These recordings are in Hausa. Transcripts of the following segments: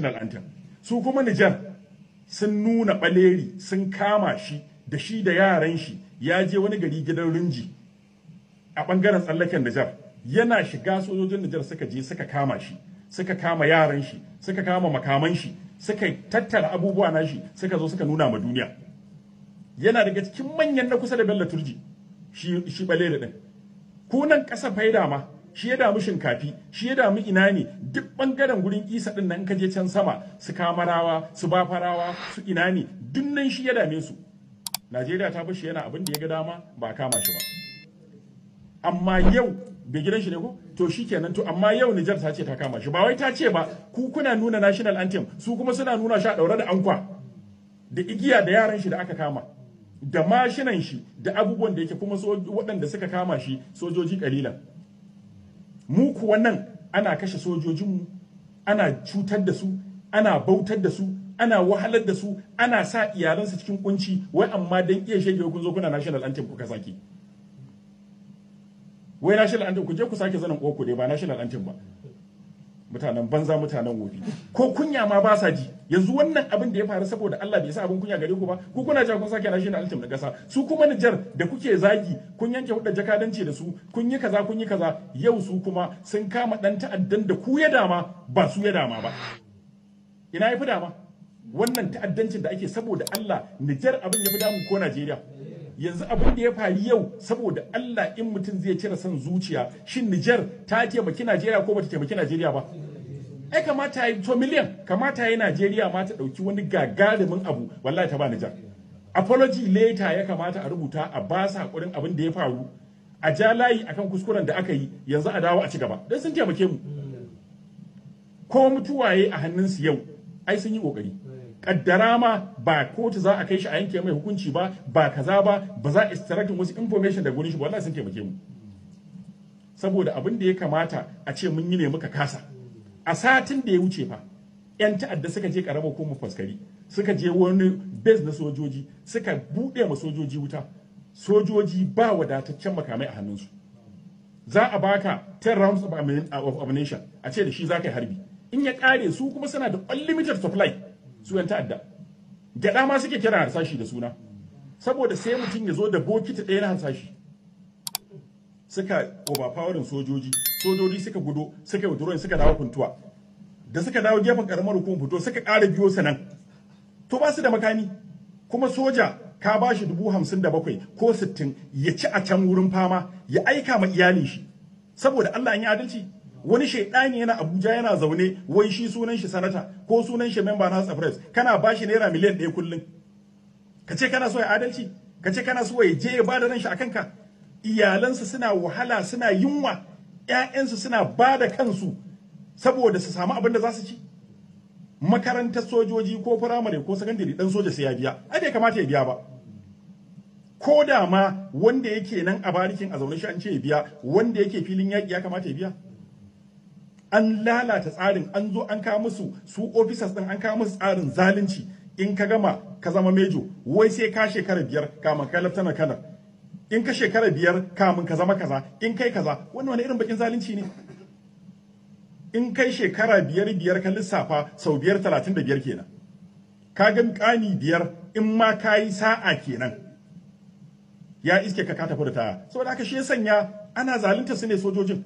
national anthem su kuma Nijar sun nuna baleri sun kama shi da shi da yaran shi ya je wani gari gidan rinji a ɓangaren tsallaken Nijar yana shiga sojojin Nijar suka je suka kama shi suka kama yaran shi suka kama makaman shi suka tattara abubuwa na shi suka zo suka nuna ma duniya yana daga cikin manyan na kusa da Bello Turji shi shi baleri din kunan ƙasa faida ma shi ya damu shinkafi shi ya damu ina ne duk bangaren gurin isa din nan kaje can sama su kamarawa su bafarawa su ina ne duk nan shi ya dame su Najeriya ta bashi yana abin da ya ga dama ba kama shi ba amma yau bai gidan shi ne ko to shikenan to amma yau Nijar ta ce ta kama shi ba wai ta ce ba ku kuna nuna national anthem su kuma suna nuna shi a daure da ankwa da igiya da yaran shi da aka kama da mashinan shi da abubuwan da yake kuma waɗanda suka kama shi sojoji kalilan mu kuwa nan ana kashe sojojinmu ana cutar da su ana bautar da su ana wahalar da su ana sa iyalansu cikin kunci wai amma dan iya shege kun zo kuna national anthem kuka saki wai national anthem ku je ku sake zanin koko dai ba national anthem ba mutanen banza mutanen wofi ko kunya ma ba sa ji yanzu wannan abin da ya faru saboda Allah bai sa abin kunya gare ku ba ku kuna ja kun sake rashin na altim na kasa su kuma Nijar da kuke zagi kun yanke hudda jakadanci da su kun yi kaza kun yi kaza yau su kuma sun kama dan ta'addan da ku ya dama ba su ya dama ba ina ya fi dama wannan ta'addancin da ake saboda Allah Nijar abin ya fi damu ko Najeriya yanzu abin da ya faru yau saboda Allah in mutum zai cire son zuciya shin Niger ta taimaki Najeriya ko bata taimaki Najeriya ba ai kamata yi to miliyan kamata yi Najeriya ma ta dauki wani gagarumin abu wallahi ta ba Niger apology later ya kamata a rubuta a ba sa hakurin abin da ya faru a ja layi akan kuskuren da aka yi yanzu a dawo a ci gaba dan sun taimake mu ko mutuwaye a hannunsu yau ai sun yi kokari kaddara ma ba kotu za a kai shi a yanke mai hukunci ba ba kaza ba ba za a istiratin wasu information daga gurin shi ba. wallahi sun taimake mu saboda abin da ya kamata a ce mun yi ne muka kasa a satin da ya wuce fa yan ta'adda suka je karaba ko mu faskari suka je wani base na sojoji suka bude ma sojoji wuta sojoji ba wadataccen makamai a hannunsu za a baka 10 rounds of ammunition a ce da shi za ka yi harbi in ya kare su kuma suna da unlimited supply su yan ta'adda gada ma suke kira harsashi da suna saboda sai mutum ya zo da bokiti ɗaya na harsashi suka overpowering sojoji sojoji suka gudo suka yi withdrawing suka dawo kuntuwa da suka dawo gefen karamar hukumar fito suka ƙara biyo sanan to ba su da makami kuma soja ka ba shi dubu hamsin da bakwai ko sittin ya ci a can wurin fama ya aika ma iyalin shi saboda Allah an yi adalci wani shaidani yana Abuja yana zaune wai shi sunan shi sanata ko sunan shi member na safres kana ba kana bashi naira miliyan ɗaya kullum ka ce kana so ya adalci ka ce kana so ya je ya bada ran shi akan ka iyalansa suna wahala suna yunwa ƴaƴansu suna ba da kansu saboda su samu abin da za su ci makarantar sojoji ko firamare ko sakandare dan soja sai ya biya ai bai kamata ya biya ba ko da ma wanda yake nan a barikin a zaune shi an ce ya biya wanda yake filin yaƙi ya kamata ya biya an lalata tsarin an zo an kawo musu su officers din an kawo musu tsarin zalunci in ka gama ka zama mejo wai sai ka shekara biyar kamun ka laftana kanar in ka shekara biyar kamun ka zama kaza in kai kaza wannan wani irin bakin zalunci ne in kai shekara biyar biyar ka lissafa sau biyar talatin da biyar kenan ka ga kani biyar in ma ka yi sa'a kenan ya iske ka ka tafi da ta saboda aka shi sanya ana zalunta su ne sojojin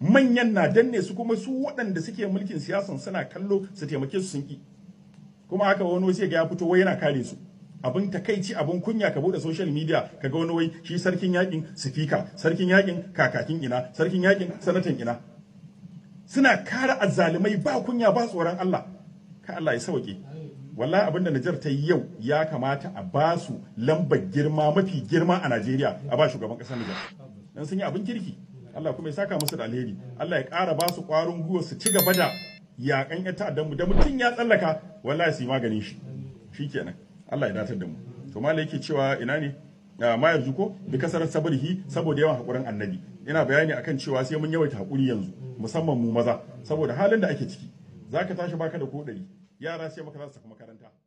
manyan na danne su kuma su waɗanda suke mulkin siyasan suna kallo su taimake su sun ki kuma haka wani wasu ga ya fito wai yana kare su abin takaici abin kunya ka bude social media ka ga wani wai shi sarkin yakin sifika sarkin yakin kakakin ina sarkin yakin sanatan ina suna kare azzalumai ba kunya ba tsoron Allah ka Allah ya sauke wallahi abin da Najar ta yi yau ya kamata a ba su lambar girma mafi girma a Najeriya a ba shugaban ƙasar Najar dan sun yi abin kirki Allah kuma ya saka musu da alheri Allah ya ƙara ba su ƙwarin gwiwa su ci gaba da yaƙan ƴan ta'addan mu da mutum ya tsallaka wallahi su yi maganin shi Shi shikenan Allah ya datar da mu to malai yake cewa ina ne ah, ma yanzu ko bi kasar sabrihi saboda yawan hakurin annabi ina bayani akan cewa sai mun yawaita hakuri yanzu musamman mu maza saboda halin da ake ciki zaka tashi baka da ko ɗari yara sai maka za su tafi makaranta